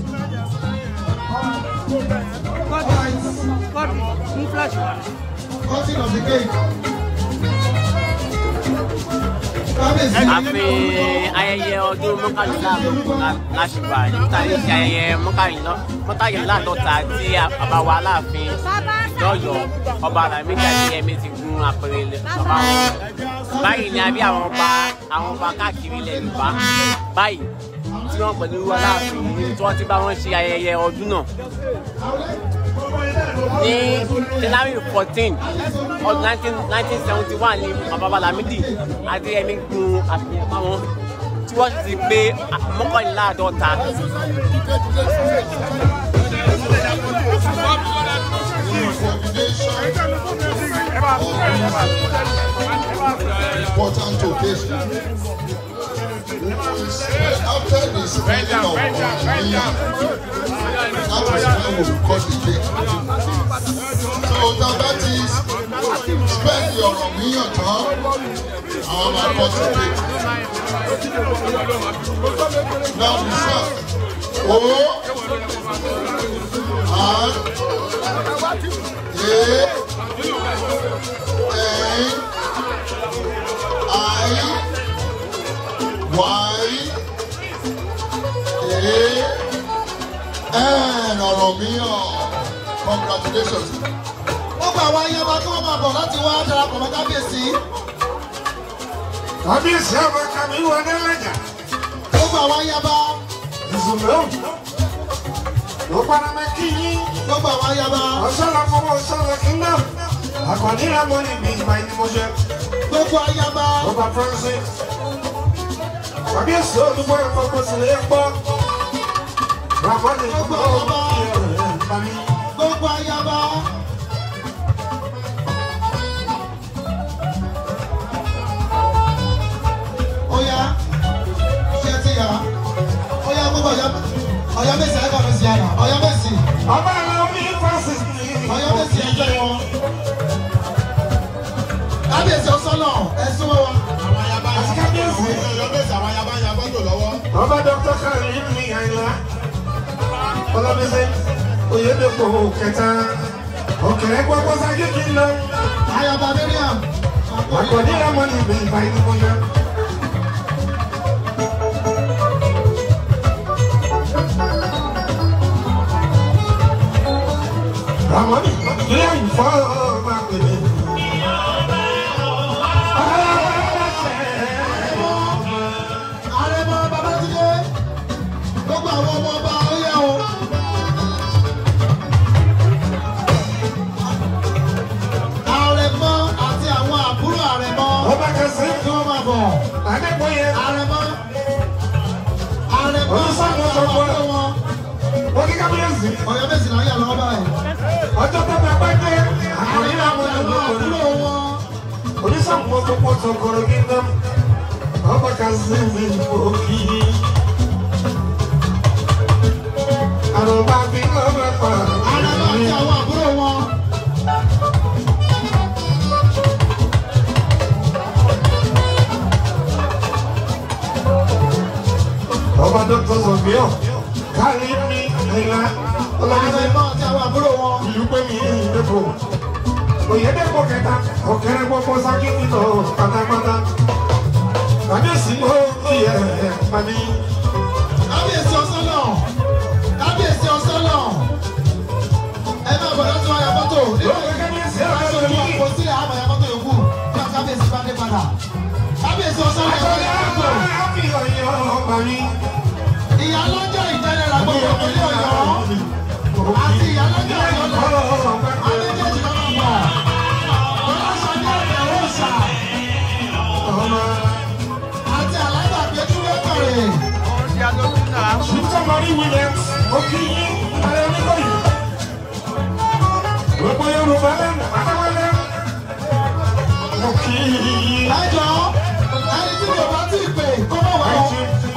Cutting, flash Cutting of the cake. àfi ayẹyẹ ọdún mọ́kànlá láṣùgbà nítorí ṣe ayẹyẹ mọ́kànléláàdọ́ta tí bàbá wa aláàfin lọ́yọ̀ọ́ ọba Lámídì Adéyẹmí ti gun àpèrè bàbá wọn báyìí ni a bí àwọn ọba káàkiri ilẹ̀ Yorùbá báyìí náà pẹ̀lú aláàfin tí wọ́n ti bá wọn ṣe ayẹyẹ ọdún náà ní january fourteen ọdún nineteen seventy one ní bàbá Lámídì Adéyẹmí gun àfihàn wọn tí wọ́n ti pé mọ́kànléláàádọ́ta. Important occasion. After the spreading of the cut the cake. So that, is spend your million tán, àwọn cake. Now we serve. Owó and èé ẹ̀ẹ́n. mí hàn congratulations. wọ́n gba àwọn ayé wa kí wọ́n máa bọ̀ láti wá darapọ̀ mọ́ kábíyèsí. kábíyèsí àwọn kàmí wọlé lẹ́jà. wọ́n gba àwọn ayé wa. ìzùmọ̀ ló panamẹ́ kí yín. wọ́n gba àwọn ayé wa. ọ̀sọ́lá fọwọ́ ọ̀sọ́lá kí náà. àkànní ìlànà ìbí ìgbà ìdí mo ṣe. gbogbo ayé wa. ọba Francis. kábíyèsí olùkọ́ ẹ̀kọ́ kó sì lè gbọ́. ràmọ́nì ìgbà ọ̀gbọ́n bàbá mi gbogbo ayaba. Oya ṣe ti yà oya gbogbo ọ̀yọ́ mẹ́sì ẹ̀ka mi sì yàrá ọ̀yọ́ mẹ́sì. Ọba àwọn mi fásitì ọ̀yọ́ mẹ́sì ẹjọ́ wọn. Kábíyèsí ọ̀sán náà ẹ̀sùn wọn. Àwọn ayaba yà kábíyèsí ọ̀yọ́ mẹ́sì àwọn ayaba yà bọ́dọ̀ lọ́wọ́. Ọba Dr. Karim ni àyìnlá. Ọlọ́bísí oyèdèpọ̀ kẹta ọ̀kẹ́rẹ́ gbọ́gbọ́ sáyé kí n lọ. ayọ̀ bàbélíà. àkọ́dé ọmọ ní ìgbẹ́ ìgbà inú mo yọ. ramoni ilé ìfọ́. láyà lọ́wọ́ báyìí. ọjọ́ tó máa pẹ́ dé àwọn ilé àwọn ọmọ àbúrò wọn. oníṣàmùpọ̀ tó pọ̀ tó kọ̀rọ̀ gígan ọba kan sí mi òkì. àrùn bá fi lọ́wọ́ pa. àrùn bá fi àwọn àbúrò wọn. Ọba dọ́kítọ̀ Sọ̀fíọ́ kárí mi nílá olóyè mọ́ àti àwọn àbúrò wọn ìlú pé mi ìdẹ́kọ̀ òyìnbó kẹta ọ̀kẹ́rẹ́ gbọ́gbọ́ sákì nínú pátápátá kábíyèsí ó yẹ ẹ̀ pàmí. kábíyèsí ọ̀sán náà kábíyèsí ọ̀sán náà ẹ máa bọ̀ lọ́tún ayàbọ̀tò nínú ìgbésẹ̀ ọ̀sán yìí kò sí àmọ̀ ayàbọ̀tò yòókù kí kábíyèsí bá dé padà kábíyèsí ọ̀sán náà ẹ̀kọ́ ayàbọ̀tò. ìyá lọ́jọ́ ìtẹ́lẹ̀ rà gbogbo ìpínlẹ̀ ọ̀yọ́. Marie Williams, Okinyi, Ayanikoyi. Gbogbo Yorùbá Adéwálé. Okinyi. Ẹjọ́ ẹni tí mi bá ti pè kó bá wà ó.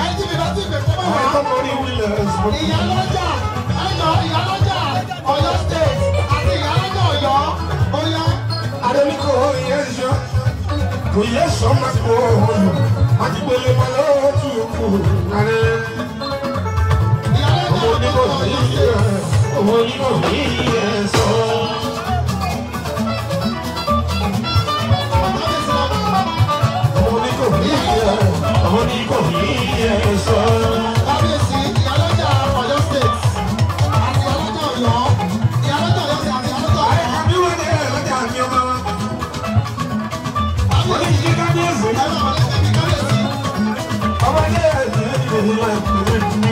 Ẹni tí mi bá ti pè kó bá wà ó. Ìyá lọ́jà. kò yẹ sọ́mọ́ sí owó yòó. with me.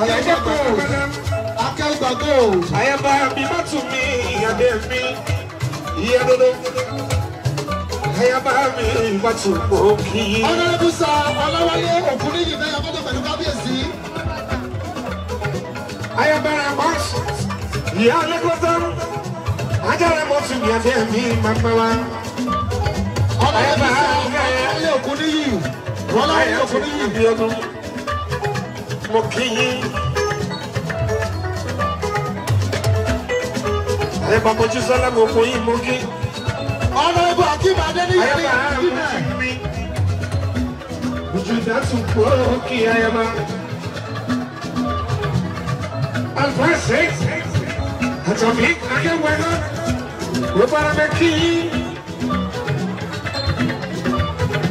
Ayaba gold. Akẹ́gbà gold. Ayaba bímọ tún mi, ìyàdé mi, ìyá dodo. Ayaba mi ìgbà tó gbòógì. Ọ̀nàdẹ́bù sọ Ọláwálé òkú níyì náà yàgbọ́dọ̀ pẹ̀lú kábíyèsí. Ayaba Ramọ́s, ìyá Lẹ́kọ́tọ́, ajá Ramọ́sù ìyàdé mi máa pẹ́ wá. Ọ̀nàdẹ́bù sọ òkú níyì. Ọláwálé òkú níyì mo kí yín. Ẹ̀bà mojú sọ́lá mo kò yín mo kí. Honorable Akeem Adeniyi ní Nàìjíríà. Ojú dátù kúrò kí ayaba. Alfonso Àtọ̀bí Akẹ́wẹ́lá ló bára bẹ́ kí yín.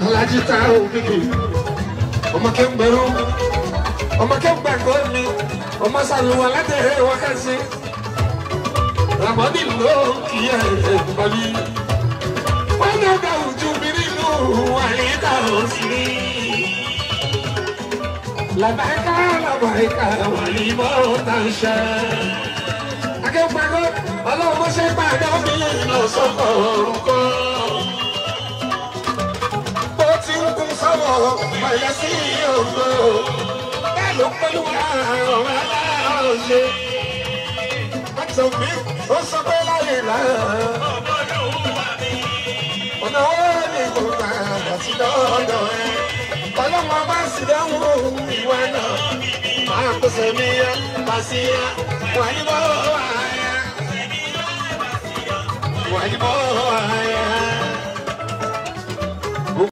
Alájí ta òkìkì ọmọ kẹ́ńgbẹ́rún ọmọkẹ́gbàgbọ́ mi ọmọ sàlùwà látẹ̀rẹ́ wákàtí ràmọ́dì ló ń kíyà ẹ̀ pọ̀lì. wọ́n náà dá ojú mi nínú àyíká òsì. làbáyíká làbáyíká wàlí mọ́ tàṣà. akẹ́gbàgbọ́ ọlọ́run mọ́ṣẹ́ gbàgbọ́ mi lọ sọ́kọ̀ orúkọ. bó ti ń kún sọ́wọ́ mọ̀lẹ́sí ògbó ló pẹ̀lú àwọn aláàṣẹ. Àìsàn mi ó sọ pé láyé lára. Ọ̀nà ọ̀rẹ́ mi kò gbà àti lọ́dọ̀ ẹ. Ọlọ́mọ bá sì dáhùn ohun ìwà náà. Máa kó sẹ́mi yá, bá sí yá,